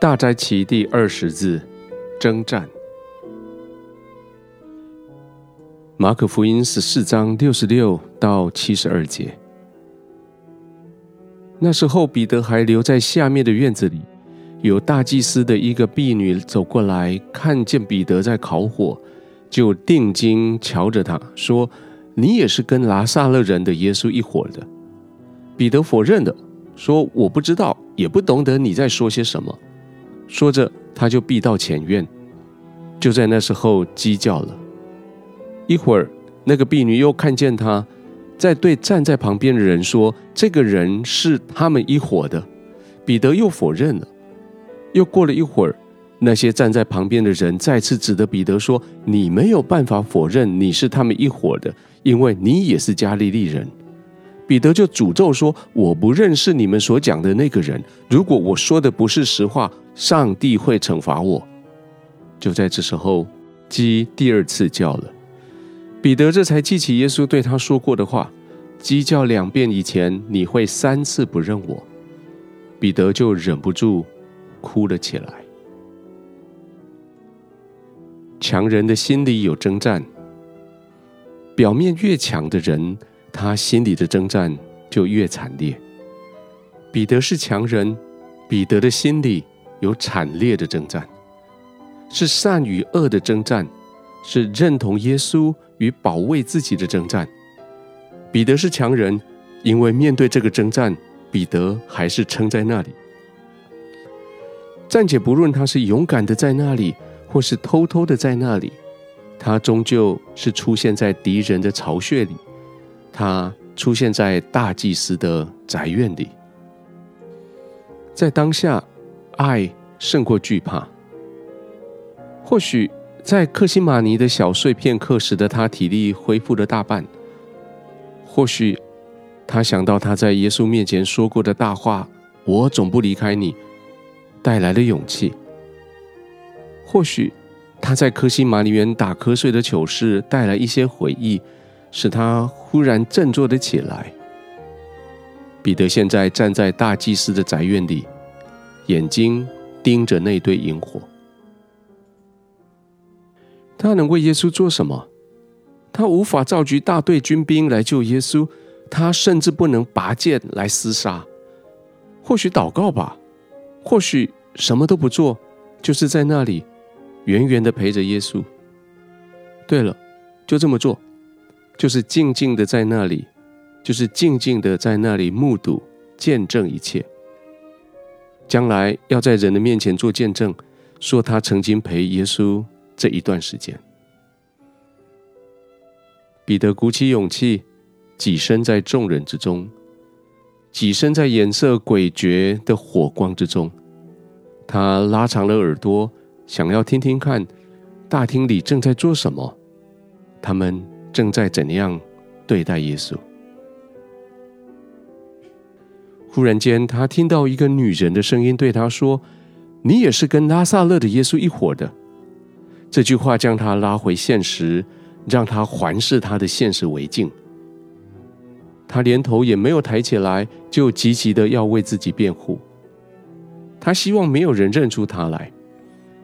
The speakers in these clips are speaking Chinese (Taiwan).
大齋期第二十日征戰。馬可福音十四章六十六到七十二節。那時候，彼得還留在下面的院子裡。有大祭司的一個婢女走過來，看見彼得在烤火，就定睛瞧着他說：“你也是跟拿撒勒人的耶穌一夥的。”彼得否認的說：“我不知道，也不懂得你在說些什麼。”說着，他就避到前院。就在那時候，雞叫了。一會兒，那個婢女又看見他，再對站在旁邊的人說：“這個人是他們一夥的。”彼得又否認了。又過了一會兒，那些站在旁邊的人再次指着彼得說：“你沒有辦法否認你是他們一夥的，因為你也是加利利人。”彼得就詛咒說：“我不認識你們所講的那個人。如果我說的不是實話，上帝會懲罰我。”就在這時候，雞第二次叫了，彼得這才記起耶穌對他說過的話：“雞叫兩遍以前，你會三次不認我。”彼得就忍不住哭了起來。強人的心裡有爭戰，表面越強的人。他心裡的爭戰就越慘烈。彼得是強人，彼得的心裡有慘烈的爭戰，是善與惡的爭戰，是認同耶穌與保衛自己的爭戰。彼得是強人，因為面對這個爭戰，彼得還是撐在那裡。暫且不論他是勇敢的在那裡，或是偷偷的在那裡，他終究是出現在敵人的巢穴裡。他出現在大祭司的宅院裡，在當下，愛勝過懼怕。或許在客西馬尼的小睡片刻，使得他體力恢復了大半。或許他想到他在耶穌面前說過的大話：“我總不離開你”，帶來了勇氣。或許他在客西馬尼園打瞌睡的糗事，帶來一些回憶。使他忽然振作了起來。彼得現在站在大祭司的宅院裡，眼睛盯着那堆營火。他能為耶穌做什麼？他無法召集大隊軍兵來救耶穌，他甚至不能拔劍來廝殺。或許禱告吧，或許什麼都不做，就是在那裡遠遠地陪着耶穌。對了，就這麼做。就是靜靜的在那裡，就是靜靜的在那裡目睹、見證一切。將來要在人的面前做見證，說他曾經陪耶穌這一段時間。彼得鼓起勇氣，躋身在眾人之中，躋身在顏色詭譎的火光之中。他拉長了耳朵，想要聽聽看大廳裡正在做什麼？他們。正在怎樣對待耶穌？忽然間，他聽到一個女人的聲音對他說：“你也是跟拿撒勒的耶穌一夥的。”這句話將他拉回現實，讓他環視他的現實危境。他連頭也沒有抬起來，就急急的要為自己辯護。他希望沒有人認出他來，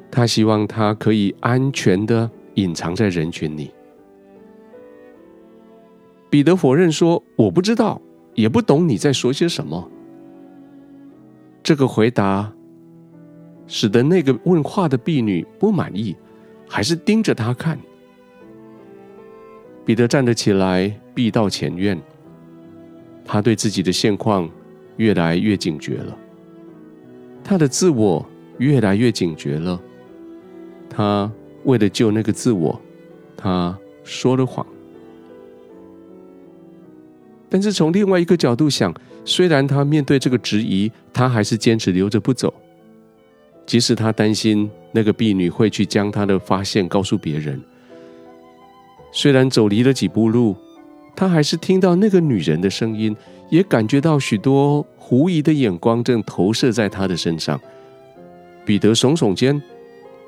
他希望他可以安全的隱藏在人群裡。彼得否認說：“我不知道，也不懂你在說些什麼。”這個回答使得那個問話的婢女不滿意，還是盯着他看。彼得站了起來，避到前院。他對自己的現況越來越警覺了，他的自我越來越警覺了。他為了救那個自我，他說了謊。但是從另外一個角度想，雖然他面對這個質疑，他還是堅持留着不走。即使他擔心那個婢女會去將他的發現告訴別人，雖然走離了幾步路，他還是聽到那個女人的聲音，也感覺到許多狐疑的眼光正投射在他的身上。彼得聳聳肩，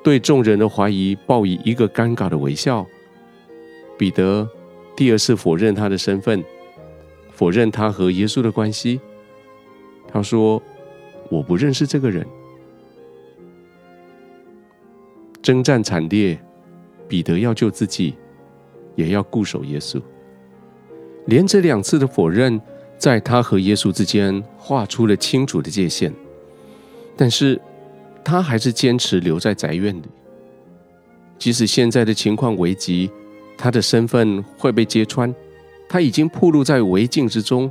對眾人的懷疑報以一個尷尬的微笑。彼得第二次否認他的身份。否認他和耶穌的關係，他說：“我不認識這個人。”爭戰慘烈，彼得要救自己，也要固守耶穌。連着兩次的否認，在他和耶穌之間劃出了清楚的界限。但是，他還是堅持留在宅院裡，即使現在的情況危急，他的身份會被揭穿。他已經暴露在危境之中，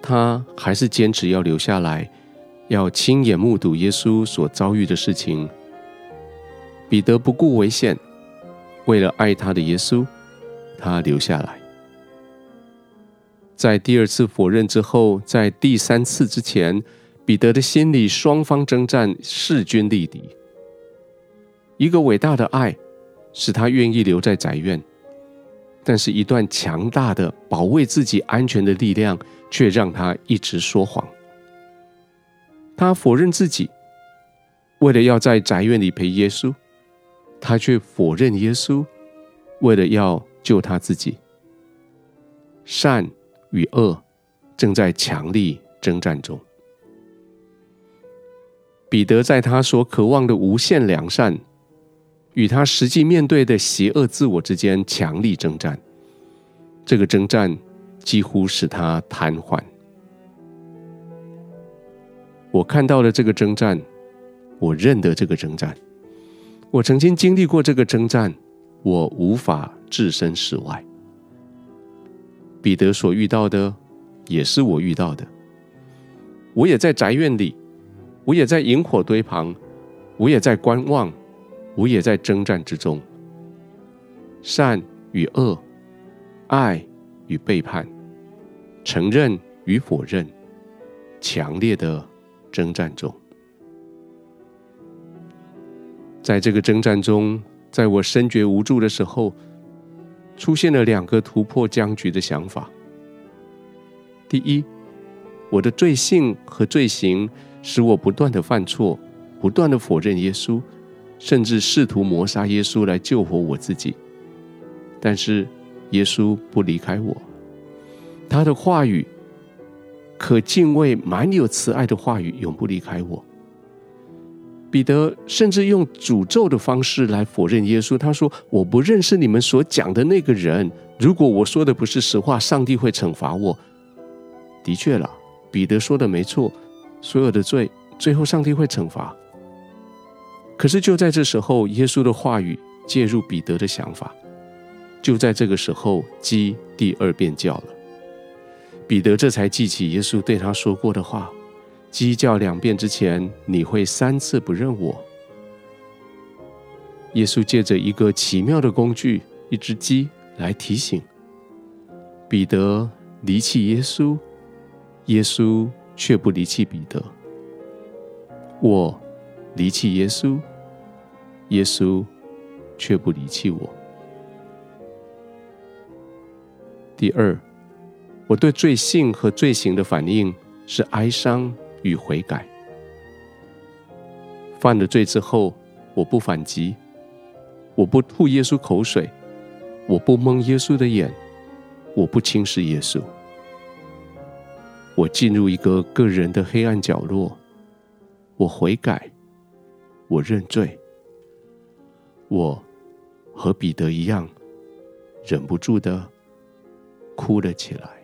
他還是堅持要留下來，要親眼目睹耶穌所遭遇的事情。彼得不顧危險，為了愛他的耶穌，他留下來。在第二次否認之後，在第三次之前，彼得的心裡雙方爭戰，勢均力敵。一個偉大的愛，使他願意留在宅院。但是，一段強大的保衛自己安全的力量，卻讓他一直說謊。他否認自己，為了要在宅院裡陪耶穌，他卻否認耶穌，為了要救他自己。善與惡正在強力爭戰中。彼得在他所渴望的無限良善。與他實際面對的邪惡自我之間強力爭戰，這個爭戰幾乎使他癱瘓。我看到了這個爭戰，我認得這個爭戰，我曾經經歷過這個爭戰，我無法置身事外。彼得所遇到的也是我遇到的，我也在宅院裡，我也在營火堆旁，我也在觀望。我也在爭戰之中，善與惡，愛與背叛，承認與否認，強烈的爭戰中。在這個爭戰中，在我深覺無助的時候，出現了兩個突破僵局的想法。第一，我的罪性和罪行使我不斷的犯錯，不斷的否認耶穌。甚至試圖謀殺耶穌來救活我自己，但是耶穌不離開我，他的話語可敬畏、滿有慈愛的話語永不離開我。彼得甚至用詛咒的方式來否認耶穌，他說：“我不認識你們所講的那個人。如果我說的不是實話，上帝會懲罰我。”的確了，彼得說的沒錯，所有的罪最後上帝會懲罰。可是就在這時候，耶穌的話語介入彼得的想法。就在這個時候，雞第二遍叫了，彼得這才記起耶穌對他說過的話：“雞叫兩遍之前，你會三次不認我。”耶穌借着一個奇妙的工具——一隻雞，來提醒彼得離棄耶穌，耶穌卻不離棄彼得。我離棄耶穌。耶穌卻不離棄我。第二，我對罪性和罪行的反應是哀傷與悔改。犯了罪之後，我不反擊，我不吐耶穌口水，我不蒙耶穌的眼，我不輕視耶穌。我進入一個個人的黑暗角落，我悔改，我認罪。我和彼得一樣，忍不住地哭了起來。